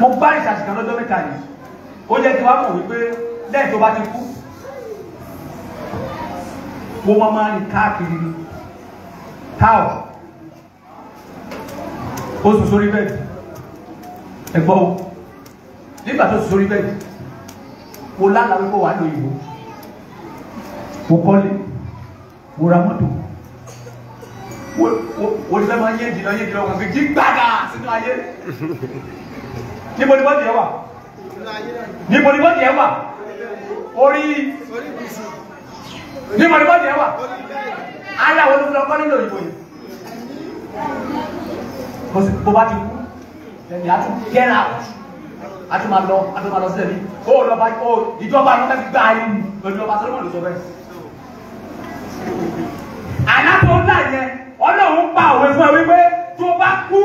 mo bá ìṣàṣìkà lọ́jọ́ mẹ́ta yìí ó jẹ́ kí wàá mọ̀ wípé lẹ́yìn tó bá ti kú mo máa máa rìn káàkiri táwọ̀ ó sùn sórí bẹ́ẹ̀ ẹ̀gbọ́n o nígbà tó sùn sórí bẹ́ẹ̀ mo lálàá wípé wàá lo ìwò mo kọ́lé mo ra mọ́tò wo wo lè máa yé jìnnà yé jìnnà wọn jí gbàgà sínú ayé. níbo ni bọ́ọ̀dì ẹ wà níbo ni bọ́ọ̀dì ẹ wà orí níbo ni bọ́ọ̀dì ẹ wà ayé àwọn olùdókòwò kọ́ nílò òyìnbó yìí bó bá ti kú ẹni àti get out àti máa lọ àti máa lọ sílẹ̀ mi ó lọ́ba ó ìjọba àwọn ọ̀gá ti gbá ayé mi lọ́dún ọba sọ́dún ọ̀dún sọ bẹ́ẹ̀. àlàfo ńlá yẹn ọlọ́run pa òwe fún ẹ wípé tó bá kú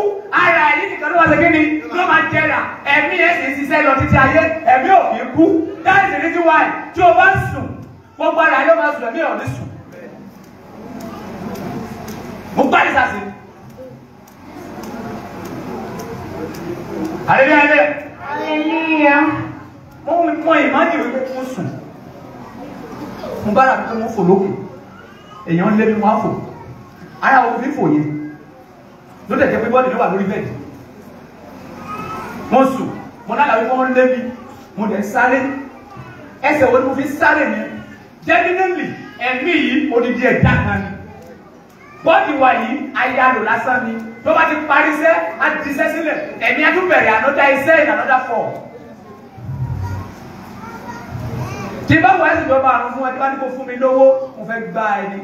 ara yìí nìkan ló wá ṣe kí ni ló máa jẹ́ra ẹ̀mí yẹn sì ṣiṣẹ́ lọ títí ayé ẹ̀mí ò ní kú that is the reason why tí o bá sùn gbogbo ara yóò máa sùn ẹ̀mí ò ní sùn. mo gbá ní sàṣì. àlejò ẹlẹ. aleluya. mo mọ ìmọ̀nì ìwé pé mo sùn. mo bára mi pé mo fò lókè èèyàn lé mi wá fò ara òfin fò yẹn ló dẹ̀ jẹ́ pé bọ́ọ̀lù ló wà lórí bẹ́ẹ̀dì mo sùn mo náà làwọn ọmọ lé mi mo dẹ̀ sáré ẹsẹ̀ wo ni mo fi sáré mi jẹ́nínẹ́lì ẹ̀mí yìí odidi ẹ̀dá kan ni bọ́ọ̀dì wa yìí ayálò lásán ni tó bá ti parí iṣẹ́ á ti iṣẹ́ sílẹ̀ ẹ̀mí adúbẹ̀rẹ̀ ànọ́dá iṣẹ́ ìnànọ́dá fọ̀ tí bá wà á sì lọ́ọ́ àrùn fún ẹ tí bá ní kó fún mi lówó mo fẹ́ gbá ẹni